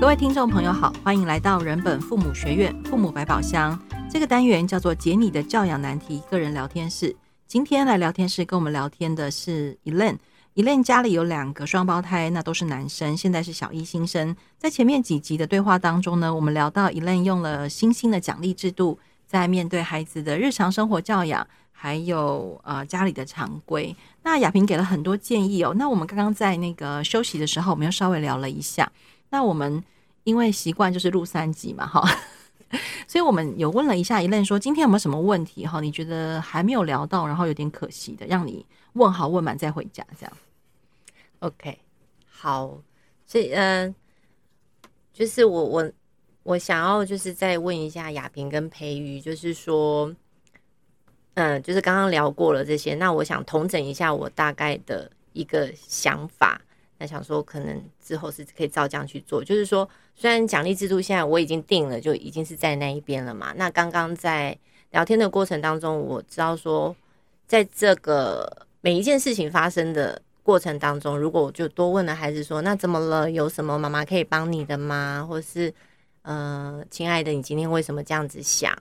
各位聽眾朋友好，歡迎來到人本父母學院父母百寶箱。這個單元叫做“解你的教養難題”個人聊天室。今天來聊天室跟我們聊天的是 Elaine，Elaine 家裡有兩個雙胞胎，那都是男生，現在是小一新生。在前面幾集的對話當中呢，我們聊到 Elaine 用了星星的獎勵制度，在面對孩子的日常生活教養，還有呃家裡的常規。那雅萍給了很多建議哦。那我們剛剛在那個休息的時候，我們又稍微聊了一下。那我們因為習慣就是錄三集嘛，哈，所以我們有問了一下 Elaine 問說今天有沒有什麼問題哈？你覺得還沒有聊到，然後有點可惜的，讓你問好問滿再回家這樣。OK，好，所以嗯、呃，就是我我我想要就是再問一下雅萍跟培瑜，就是說，嗯、呃，就是剛剛聊過了這些，那我想統整一下我大概的一個想法。那想說，可能之後是可以照這樣去做。就是說，雖然獎勵制度現在我已經定了，就已經是在那一邊了嘛。那剛剛在聊天的過程當中，我知道說，在這個每一件事情發生的過程當中，如果我就多問了孩子說：“那怎麼了？有什麼媽媽可以幫你的嗎？”或是“呃，親愛的，你今天為什麼這樣子想？”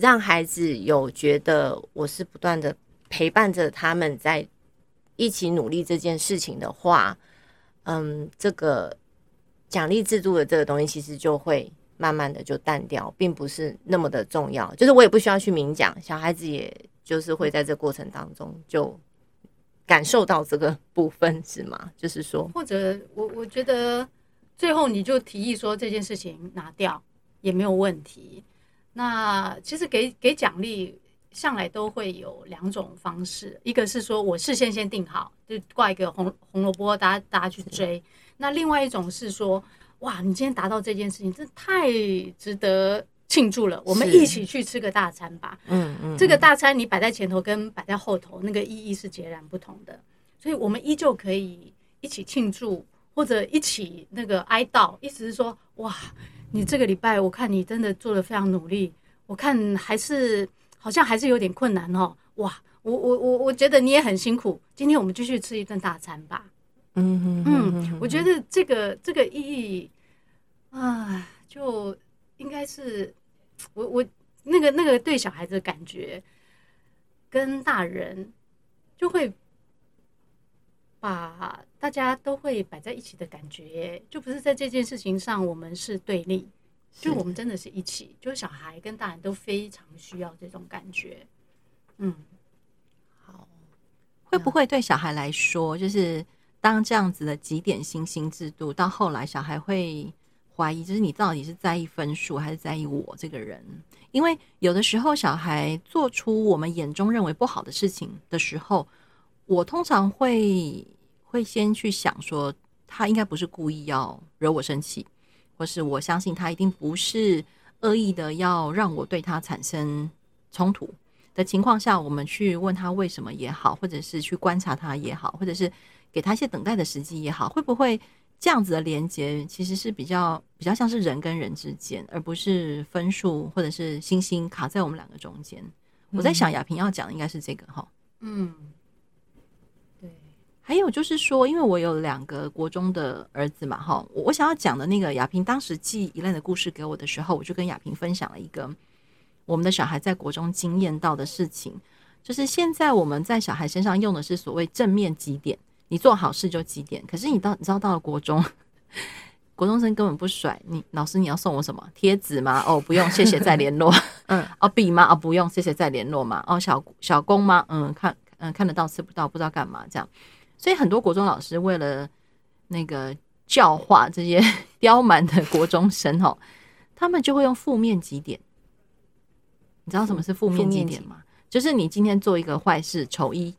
讓孩子有覺得我是不斷的陪伴着他們在一起努力這件事情的話，嗯，這個獎勵制度的這個東西其實就會慢慢的就淡掉，並不是那麼的重要。就是我也不需要去明講，小孩子也就是會在這過程當中就感受到這個部分，是嗎？就是說，或者我我覺得最後你就提議說，這件事情拿掉也沒有問題。那其實給給獎勵。向來都會有兩種方式，一個是說我事先先定好，就掛一個紅紅蘿蔔，大家大家去追；的那另外一種是說，哇，你今天達到這件事情，真的太值得慶祝了，我們一起去吃個大餐吧。嗯嗯是，這個大餐你擺在前頭跟擺在後頭，那個意義是截然不同的。所以，我們依舊可以一起慶祝，或者一起那個哀悼。意思是說，哇，你這個禮拜，我看你真的做得非常努力，我看還是。好像還是有點困難哦，哇！我我我我覺得你也很辛苦，今天我們繼續吃一頓大餐吧。嗯嗯嗯，嗯嗯我覺得這個、嗯、這個意義啊，就應該是我我那個那個對小孩子的感覺，跟大人就會把大家都會擺在一起的感覺，就不是在這件事情上我們是對立。就我們真的是一起，是就是小孩跟大人都非常需要這種感覺。嗯，好，會不會對小孩來說，就是當這樣子的幾點星星制度到後來，小孩會懷疑，就是你到底是在意分數還是在意我這個人？嗯，因為有的時候，小孩做出我們眼中認為不好的事情的時候，我通常會會先去想說，他應該不是故意要惹我生氣。或是我相信他一定不是惡意的，要讓我對他產生衝突的情況下，我們去問他為什麼也好，或者是去觀察他也好，或者是給他一些等待的時機也好，會不會這樣子的連接其實是比較比較像是人跟人之間，而不是分數或者是星星卡在我們兩個中間？嗯、我在想，雅萍要講的應該是這個哈，嗯。還有就是說，因為我有兩個國中的兒子嘛，哈，我想要講的那個雅萍當時寄 Elaine 的故事給我的時候，我就跟雅萍分享了一個我們的小孩在國中經驗到的事情，就是現在我們在小孩身上用的是所謂正面集點，你做好事就集點，可是你到你知道到了國中，國中生根本不甩你，老師，你要送我什麼貼紙嗎？哦，不用，謝謝，再聯絡。 嗯，哦筆嗎？哦不用，謝謝，再聯絡嘛。哦小小公嗎？嗯，看嗯看得到吃不到，不知道幹嘛這樣。所以很多國中老師為了那個教化這些刁蠻的國中生哦， 他們就會用負面集點。你知道什麼是負面集點，集點嗎？就是你今天做一個壞事，醜一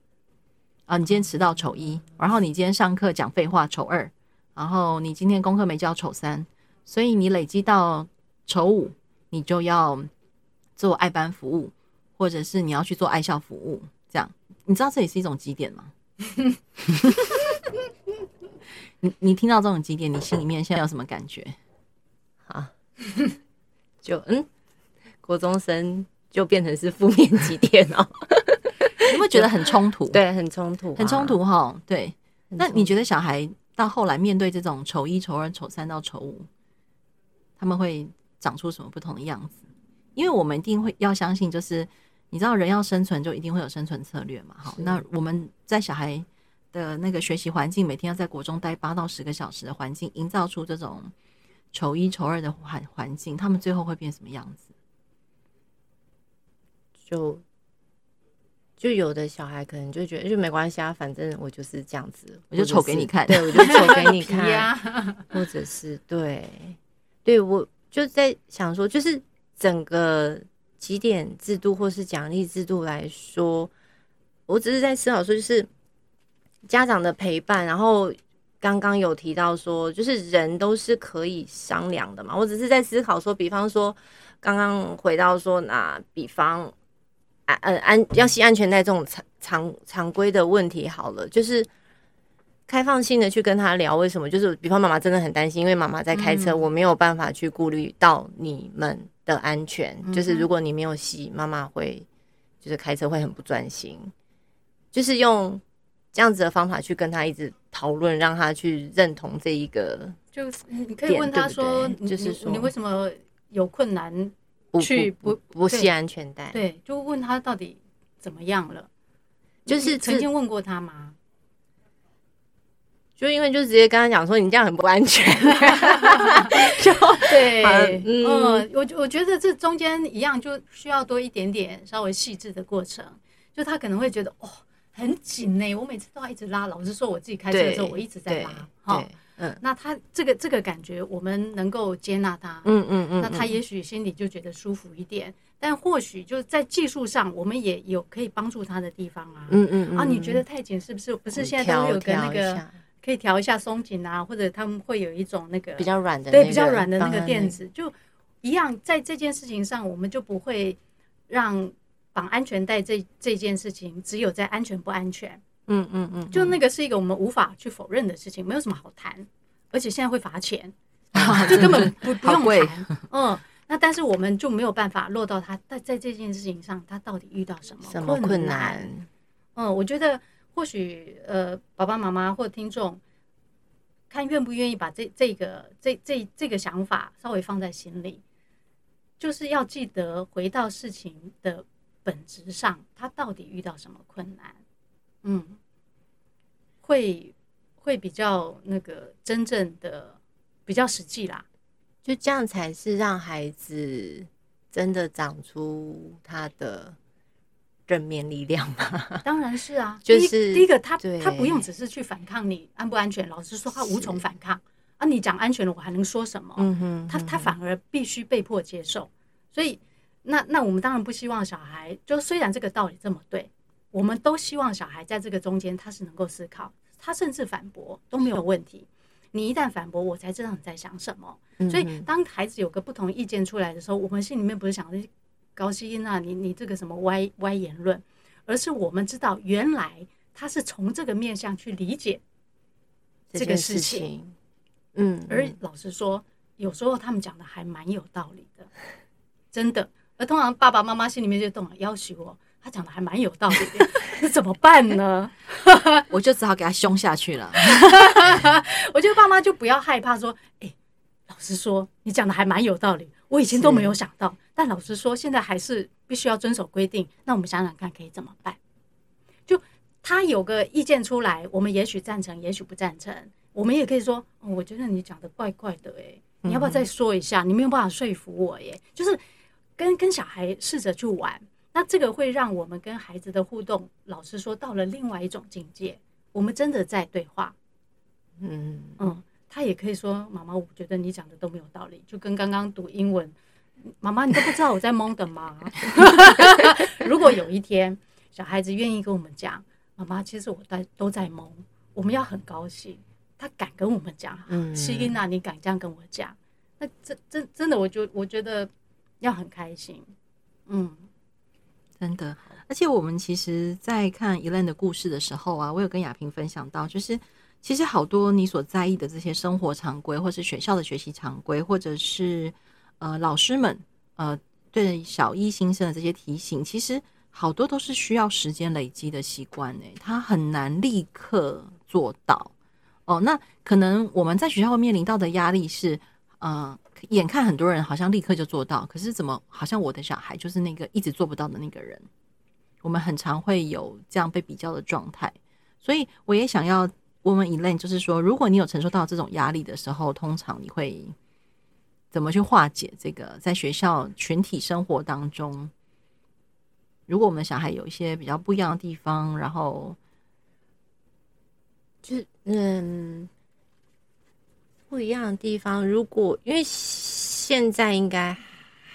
啊，你今天遲到，醜一；然後你今天上課講廢話，醜二；然後你今天功課沒交，醜三。所以你累積到醜五，你就要做愛班服務，或者是你要去做愛校服務。這樣，你知道這也是一種集點嗎？ 你你聽到這種集點，你心裡面現在有什麼感覺？好， 就嗯，國中生就變成是負面集點哦 ， 你會覺得很衝突？對，很衝突、啊，很衝突哈、啊啊。對，那你覺得小孩到後來面對這種丑一、丑二、丑三到丑五，他們會長出什麼不同的樣子？因為我們一定會要相信，就是。你知道人要生存就一定會有生存策略嘛？好，是 那我們在小孩的那個學習環境，每天要在國中待八到十個小時的環境，營造出這種醜一醜二的環環境，他們最後會變什麼樣子？就就有的小孩可能就覺得就沒關係啊，反正我就是這樣子，我就醜給你看，對，我就醜給你看，或者是對對我就在想說，就是整個。集點制度或是獎勵制度來說，我只是在思考說，就是家長的陪伴。然後剛剛有提到說，就是人都是可以商量的嘛。我只是在思考說，比方說剛剛回到說，那比方呃安呃安要繫安全帶這種常常常規的問題好了，就是開放性的去跟他聊為什麼。就是比方媽媽真的很擔心，因為媽媽在開車，嗯、我沒有辦法去顧慮到你們的安全就是，如果你沒有繫，媽媽、嗯、哼會就是開車會很不專心，就是用這樣子的方法去跟他一直討論，讓他去認同這一個。就你可以問他說，對對你就是說你，你為什麼有困難去不不繫對安全帶？對，就問他到底怎麼樣了？就是曾經問過他嗎？就因為就直接跟他講說你這樣很不安全，就對，嗯，嗯，我我覺得這中間一樣就需要多一點點稍微細緻的過程。就他可能會覺得哦很緊呢，欸，我每次都要一直拉，老是說我自己開車的時候我一直在拉，好對，哦嗯，那他這個這個感覺我們能夠接納他，嗯嗯嗯，嗯嗯，那他也許心裡就覺得舒服一點，嗯，但或許就在技術上我們也有可以幫助他的地方啊，嗯嗯，嗯啊，你覺得太緊是不是？不是現在都有個那個。可以調一下鬆緊啊，或者他們會有一種那個比較軟的、那個，對，比較軟的那個墊子，那個、就一樣。在這件事情上，我們就不會讓綁安全帶這這件事情只有在安全不安全，嗯嗯嗯，嗯嗯嗯就那個是一個我們無法去否認的事情，沒有什麼好談，而且現在會罰錢、 嗯，就根本不不用談。 好貴嗯，那但是我們就沒有辦法落到他，在在這件事情上，他到底遇到什麼困難？困難嗯，我覺得。或許呃，爸爸媽媽或聽眾，看願不願意把這這個這這這個想法稍微放在心裡，就是要記得回到事情的本質上，他到底遇到什麼困難，嗯，會會比較那個真正的比較實際啦，就這樣才是讓孩子真的長出他的。正面力量嘛，當然是啊。第一、就是，第一個他對他不用只是去反抗你安不安全。老實說，他無從反抗是啊。你講安全了，我還能說什麼？嗯哼嗯哼他他反而必須被迫接受。所以，那那我們當然不希望小孩，就雖然這個道理這麼對，我們都希望小孩在這個中間他是能夠思考，他甚至反駁都沒有問題。是你一旦反駁，我才知道你在想什麼。嗯、哼所以，當孩子有個不同意見出來的時候，我們心裡面不是想。高希音啊，你你這個什麼歪歪言論？而是我們知道，原來他是從這個面向去理解這個事情。事情嗯，而老實說，有時候他們講的還蠻有道理的，真的。而通常爸爸媽媽心裡面就懂了，要挾我，他講的還蠻有道理的，這 怎麼辦呢？我就只好給他凶下去了。 我覺得爸媽就不要害怕，說，哎、欸，老實說，你講的還蠻有道理。我以前都沒有想到，是但老實說，現在還是必須要遵守規定。那我們想想看，可以怎麼辦？就他有個意見出來，我們也許贊成，也許不贊成。我們也可以說，嗯、我覺得你講的怪怪的、欸，你要不要再說一下？你沒有辦法說服我、欸，耶、嗯。就是跟跟小孩試着去玩，那這個會讓我們跟孩子的互動，老實說，到了另外一種境界，我們真的在對話。嗯嗯。他也可以說：“媽媽，我覺得你講的都沒有道理。”就跟剛剛讀英文，媽媽，你都不知道我在蒙的嗎？ 如果有一天小孩子願意跟我們講：“媽媽，其實我在都在蒙。”我們要很高興，他敢跟我們講。嗯，希琳娜，你敢這樣跟我講？那真真真的，我覺我覺得要很開心。嗯，真的。而且我們其實，在看 Elaine 的故事的時候啊，我有跟亞萍分享到，就是。其實好多你所在意的這些生活常規，或是學校的學習常規，或者是呃老師們呃對小一新生的這些提醒，其實好多都是需要時間累積的習慣誒、欸，他很難立刻做到。哦，那可能我們在學校會面臨到的壓力是，呃，眼看很多人好像立刻就做到，可是怎麼好像我的小孩就是那個一直做不到的那個人？我們很常會有這樣被比較的狀態，所以我也想要。我們 Elaine，就是說，如果你有承受到這種壓力的時候，通常你會怎麼去化解這個在學校群體生活當中？如果我們小孩有一些比較不一樣的地方，然後就嗯不一樣的地方，如果因為現在應該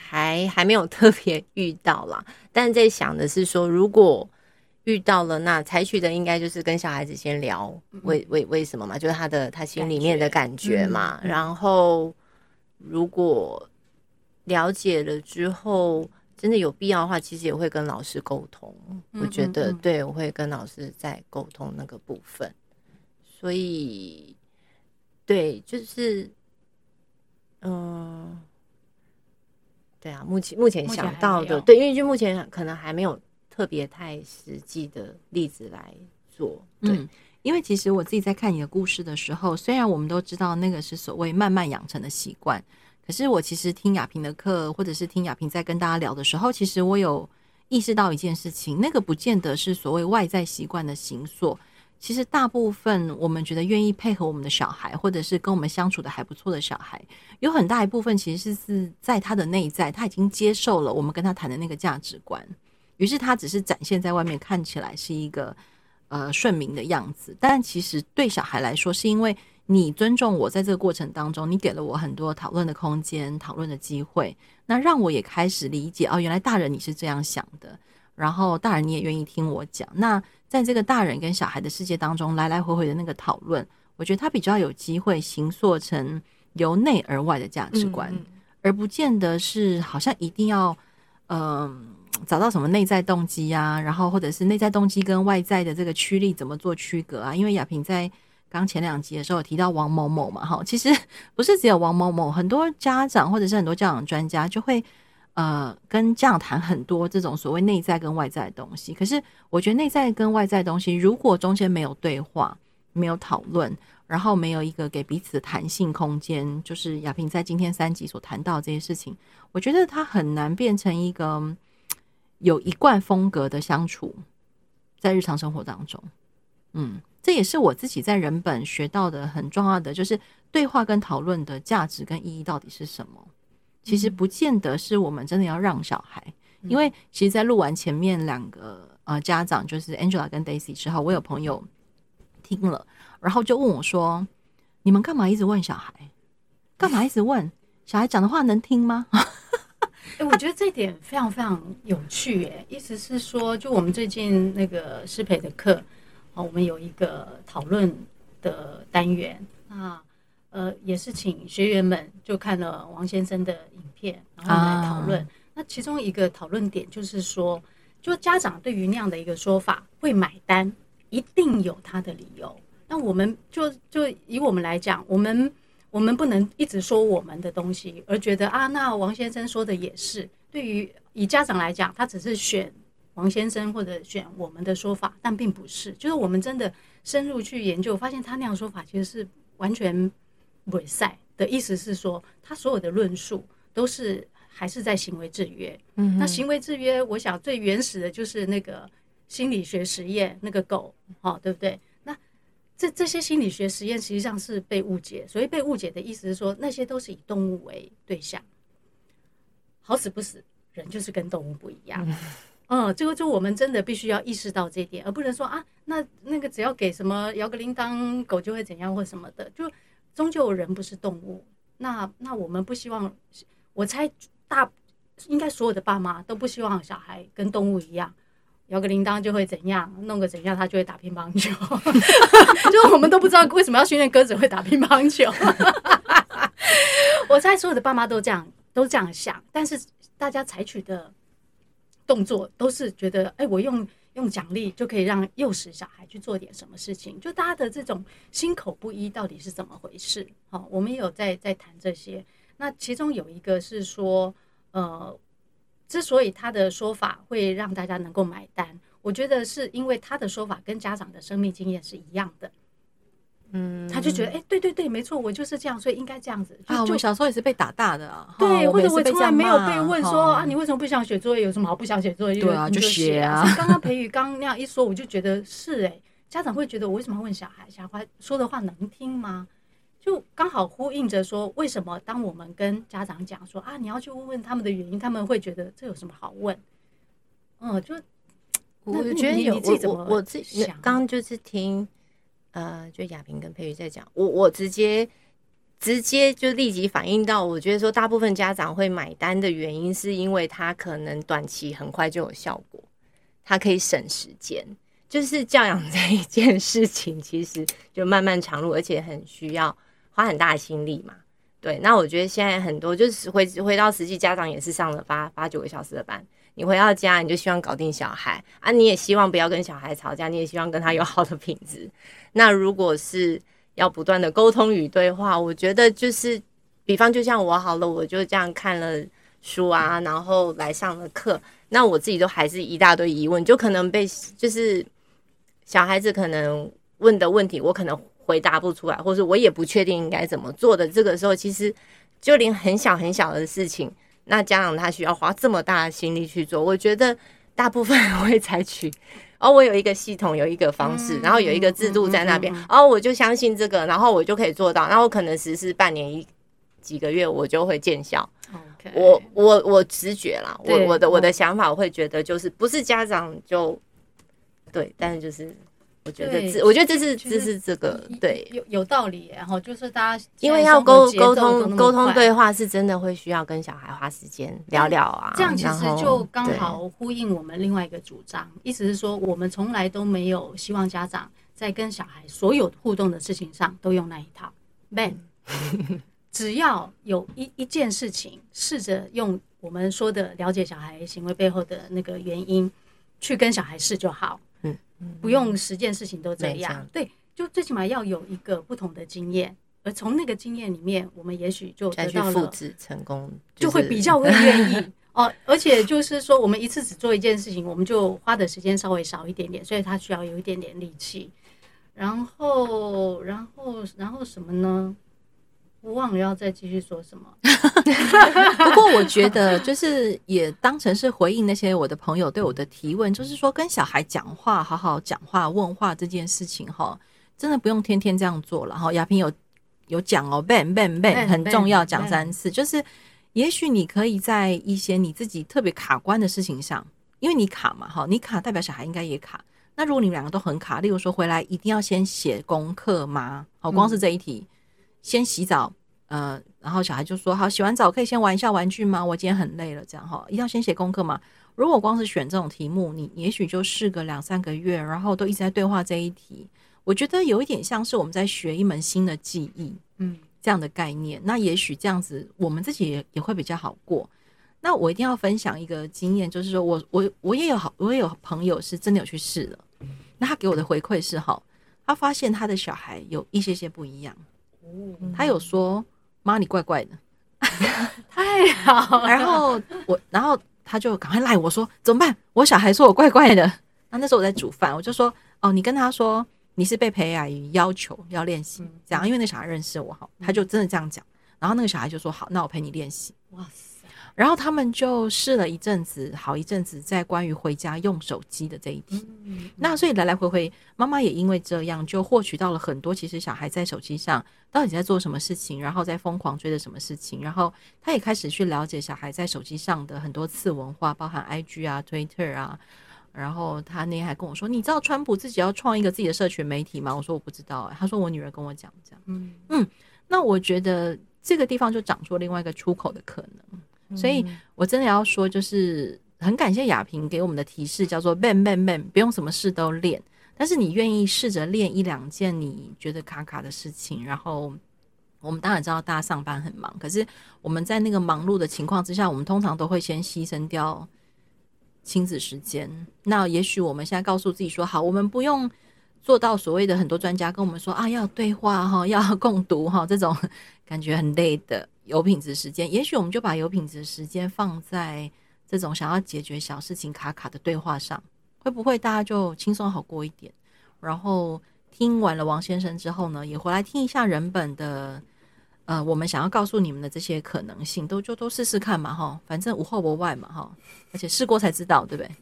還還沒有特別遇到啦，但在想的是說，如果。遇到了，那採取的應該就是跟小孩子先聊為為為什麼嘛，就是他的他心裡面的感覺嘛。感覺嗯、然後如果了解了之後，真的有必要的話，其實也會跟老師溝通。嗯嗯嗯，我覺得對，我會跟老師再溝通那個部分。所以對，就是嗯、呃，對啊，目前目前想到的對，因為就目前可能還沒有。特別太實際的例子來做，對，嗯，因為其實我自己在看你的故事的時候，雖然我們都知道那個是所謂慢慢養成的習慣，可是我其實聽雅萍的課，或者是聽雅萍在跟大家聊的時候，其實我有意識到一件事情，那個不見得是所謂外在習慣的形塑，其實大部分我們覺得願意配合我們的小孩，或者是跟我們相處的還不錯的小孩，有很大一部分其實是在他的內在，他已經接受了我們跟他談的那個價值觀。於是他只是展現在外面看起來是一個，呃，順民的樣子，但其實對小孩來說，是因為你尊重我，在這個過程當中，你給了我很多討論的空間、討論的機會，那讓我也開始理解哦，原來大人你是這樣想的，然後大人你也願意聽我講。那在這個大人跟小孩的世界當中，來來回回的那個討論，我覺得他比較有機會形塑成由內而外的價值觀，嗯嗯，而不見得是好像一定要嗯，呃找到什麼內在動機啊？然後或者是內在動機跟外在的這個驅力怎麼做區隔啊？因為雅萍在剛前兩集的時候有提到王某某嘛，哈，其實不是只有王某某，很多家長或者是很多教養專家就會呃，跟家長談很多這種所謂內在跟外在的東西。可是我覺得內在跟外在的東西，如果中間沒有對話、沒有討論，然後沒有一個給彼此的彈性空間，就是雅萍在今天三集所談到這些事情，我覺得他很難變成一個。有一貫風格的相處，在日常生活當中，嗯，這也是我自己在人本學到的很重要的，就是對話跟討論的價值跟意義到底是什麼。其實不見得是我們真的要讓小孩，嗯，因為其實，在錄完前面兩個呃家長，就是 Angela 跟 Daisy 之後，我有朋友聽了，然後就問我說：“你們幹嘛一直問小孩？幹嘛一直問？ 小孩講的話能聽嗎？” 哎，我覺得這點非常非常有趣，欸，哎，意思是說，就我們最近那個師培的課，啊、哦，我們有一個討論的單元，那呃，也是請學員們就看了王先生的影片，然後來討論。啊、那其中一個討論點就是說，就家長對於那樣的一個說法會買單，一定有他的理由。那我們就就以我們來講，我們。我們不能一直說我們的東西，而覺得啊，那王先生說的也是。對於以家長來講，他只是選王先生或者選我們的說法，但並不是。就是我們真的深入去研究，發現他那樣說法其實是完全偽善的意思，是說他所有的論述都是還是在行為制約。嗯哼，那行為制約，我想最原始的就是那個心理學實驗，那個狗，好、哦，對不對？這這些心理學實驗實際上是被誤解，所以被誤解的意思是說，那些都是以動物為對象，好死不死，人就是跟動物不一樣。嗯，最後、嗯、就，就我們真的必須要意識到這一點，而不能說啊，那那個只要給什麼搖個鈴鐺，狗就會怎樣或什麼的，就終究人不是動物。那那我們不希望，我猜大應該所有的爸媽都不希望小孩跟動物一樣。搖個鈴鐺就會怎樣，弄個怎樣，他就會打乒乓球。 就我們都不知道為什麼要訓練鴿子會打乒乓球。 我猜所有的爸媽都這樣，都這樣想，但是大家採取的動作都是覺得，哎、欸，我用用獎勵就可以讓誘使小孩去做點什麼事情。就大家的這種心口不一，到底是怎麼回事？哦，我們也有在在談這些。那其中有一個是說，呃。之所以他的說法會讓大家能夠買單，我覺得是因為他的說法跟家長的生命經驗是一樣的。嗯，他就覺得，哎、欸，對對對，沒錯，我就是這樣，所以應該這樣子。就就啊，我小時候也是被打大的、啊，對，哦、或者我從來沒有被問說被啊，哦、你為什麼不想寫作業？有什麼好不想寫作業？對啊，就寫啊。剛剛培瑜剛那樣一說，我就覺得是誒、欸，家長會覺得我為什麼要問小孩？小孩說的話能聽嗎？就剛好呼應着說，為什麼當我們跟家長講說啊，你要去問問他們的原因，他們會覺得這有什麼好問？嗯，就我覺得有我我我自剛就是聽，呃，就雅萍跟培瑜在講，我我直接直接就立即反映到，我覺得說大部分家長會買單的原因，是因為他可能短期很快就有效果，他可以省時間。就是教養這一件事情，其實就漫漫長路，而且很需要。花很大的心力嘛，對。那我覺得現在很多就是回回到實際，家長也是上了八八九個小時的班，你回到家你就希望搞定小孩啊，你也希望不要跟小孩吵架，你也希望跟他有好的品質。那如果是要不斷的溝通與對話，我覺得就是比方就像我好了，我就這樣看了書啊，然後來上了課，那我自己都還是一大堆疑問，就可能被就是小孩子可能問的問題，我可能。回答不出來，或是我也不確定應該怎麼做的，這個時候其實就連很小很小的事情，那家長他需要花這麼大的心力去做。我覺得大部分人會採取，哦，我有一個系統，有一個方式，嗯、然後有一個制度在那邊，嗯嗯嗯嗯、哦，我就相信這個，然後我就可以做到。那我可能實施半年一幾個月，我就會見效。Okay, 我我我直覺啦，對我我的我的想法，我會覺得就是不是家長就對，但是就是。我覺得這，對我覺得這，就是，這實是這個，對，有有道理，然後就是大家，因為要溝溝通溝通對話，是真的會需要跟小孩花時間聊聊啊、嗯。這樣其實就剛好呼應我們另外一個主張，對對意思是說，我們從來都沒有希望家長在跟小孩所有互動的事情上都用那一套。man、嗯、 只要有一一件事情，試着用我們說的了解小孩行為背後的那個原因，去跟小孩試就好。不用十件事情都這樣，沒錯，對，就最起碼要有一個不同的經驗，而從那個經驗裡面，我們也許就得到了去複製成功，就是、就會比較會願意 哦。而且就是說，我們一次只做一件事情，我們就花的時間稍微少一點點，所以它需要有一點點力氣。然後，然後，然後什麼呢？我忘了要再繼續說什麼。不過我覺得就是也當成是回應那些我的朋友對我的提問，就是說跟小孩講話，好好講話問話這件事情哈，真的不用天天這樣做了。哈，雅萍有有講哦，ben ben ben 很重要，講三次。就是也許你可以在一些你自己特別卡關的事情上，因為你卡嘛，哈，你卡代表小孩應該也卡。那如果你們兩個都很卡，例如說回來一定要先寫功課嗎？好，光是這一題。嗯先洗澡，呃，然後小孩就說：“好，洗完澡可以先玩一下玩具嗎？我今天很累了，這樣哈，一定要先寫功課嘛。”如果光是選這種題目，你也許就試個兩三個月，然後都一直在對話這一題，我覺得有一點像是我們在學一門新的技藝，嗯，這樣的概念。嗯、那也許這樣子，我們自己也也會比較好過。那我一定要分享一個經驗，就是說我我我也有好，我也有朋友是真的有去試了，那他給我的回饋是：好，他發現他的小孩有一些些不一樣。哦嗯、他有說：“媽，你怪怪的， 太好了。” 然後我，然後他就趕快賴我說：“怎麼辦？我小孩說我怪怪的。”那那時候我在煮飯，我就說：“哦，你跟他說你是被培瑜阿姨要求要練習這樣，嗯、因為那小孩認識我哈，他就真的這樣講。”然後那個小孩就說：“好，那我陪你練習。”哇塞！然後他們就試了一陣子，好一陣子，在關於回家用手機的這一題。嗯嗯嗯、那所以來來回回，媽媽也因為這樣就獲取到了很多，其實小孩在手機上到底在做什麼事情，然後在瘋狂追着什麼事情，然後他也開始去了解小孩在手機上的很多次文化，包含 IG 啊、Twitter 啊。然後他那天還跟我說：“你知道川普自己要創一個自己的社群媒體嗎？”我說：“我不知道欸。”他說：“我女兒跟我講這樣。嗯”嗯那我覺得這個地方就長出了另外一個出口的可能。 所以，我真的要說，就是很感謝雅萍給我們的提示，叫做慢慢慢不用什麼事都練，但是你願意試着練一兩件你覺得卡卡的事情。然後，我們當然知道大家上班很忙，可是我們在那個忙碌的情況之下，我們通常都會先犧牲掉親子時間。那也許我們現在告訴自己說，好，我們不用。做到所謂的很多專家跟我們說啊，要對話哈，要共讀哈，這種感覺很累的有品質時間，也許我們就把有品質時間放在這種想要解決小事情卡卡的對話上，會不會大家就輕鬆好過一點？然後聽完了王先生之後呢，也回來聽一下人本的，呃，我們想要告訴你們的這些可能性，都就都試試看嘛哈，反正無後無外嘛哈，而且試過才知道，對不對？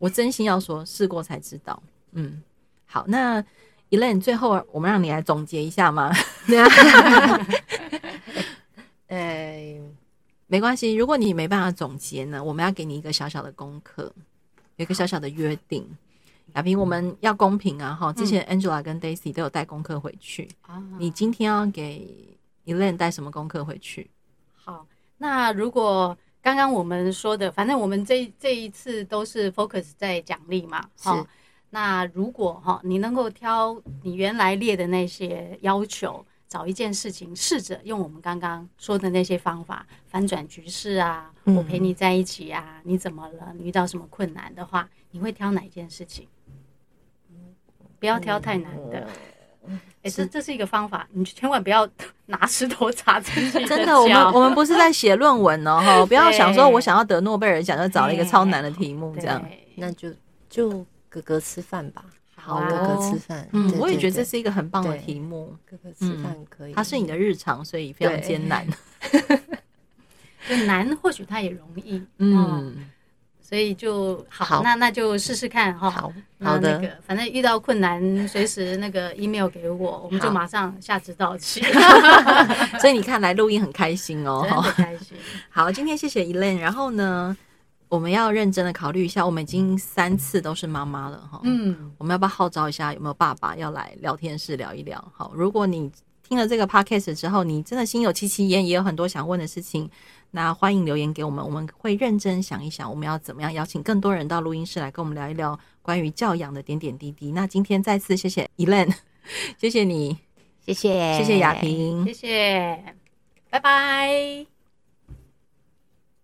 我真心要說，試過才知道，嗯。好，那 Elaine 最後我們讓你來總結一下嗎？呃，沒關係，如果你沒辦法總結呢，我們要給你一個小小的功課，有一個小小的約定。雅萍，我們要公平啊！哈，之前 Angela 跟 Daisy 都有帶功課回去，嗯，你今天要給 Elaine 帶什麼功課回去？好，那如果剛剛我們說的，反正我們這這一次都是 focus 在獎勵嘛，是。那如果哈，你能夠挑你原來列的那些要求，找一件事情，試着用我們剛剛說的那些方法反轉局勢啊，我陪你在一起啊，你怎麼了？你遇到什麼困難的話，你會挑哪一件事情？嗯，不要挑太難的。哎，這這是一個方法，你千萬不要 拿石頭砸自己。真的，我們我們不是在寫論文哦，哈 對，不要想說我想要得諾貝爾獎，就找了一個超難的題目對這樣。對那就就。哥哥吃飯吧，好，哥哥吃飯。嗯，我也覺得這是一個很棒的題目。哥哥吃飯可以，他是你的日常，所以非常艱難。就難，或許他也容易。嗯，所以就好，那那就試試看哈。好，那個反正遇到困難隨時那個 email 給我，我們就馬上下次到期。所以你看來錄音很開心哦，開心。好，今天謝謝 Elaine，然後呢？我們要認真的考慮一下，我們已經三次都是媽媽了哈。嗯，我們要不要號召一下，有沒有爸爸要來聊天室聊一聊？好，如果你聽了這個 podcast 之後，你真的心有戚戚焉，也有很多想問的事情，那歡迎留言給我們，我們會認真想一想，我們要怎麼樣邀請更多人到錄音室來跟我們聊一聊關於教養的點點滴滴。那今天再次謝謝 Elaine，謝謝你，謝謝，謝謝雅萍，謝謝，拜拜。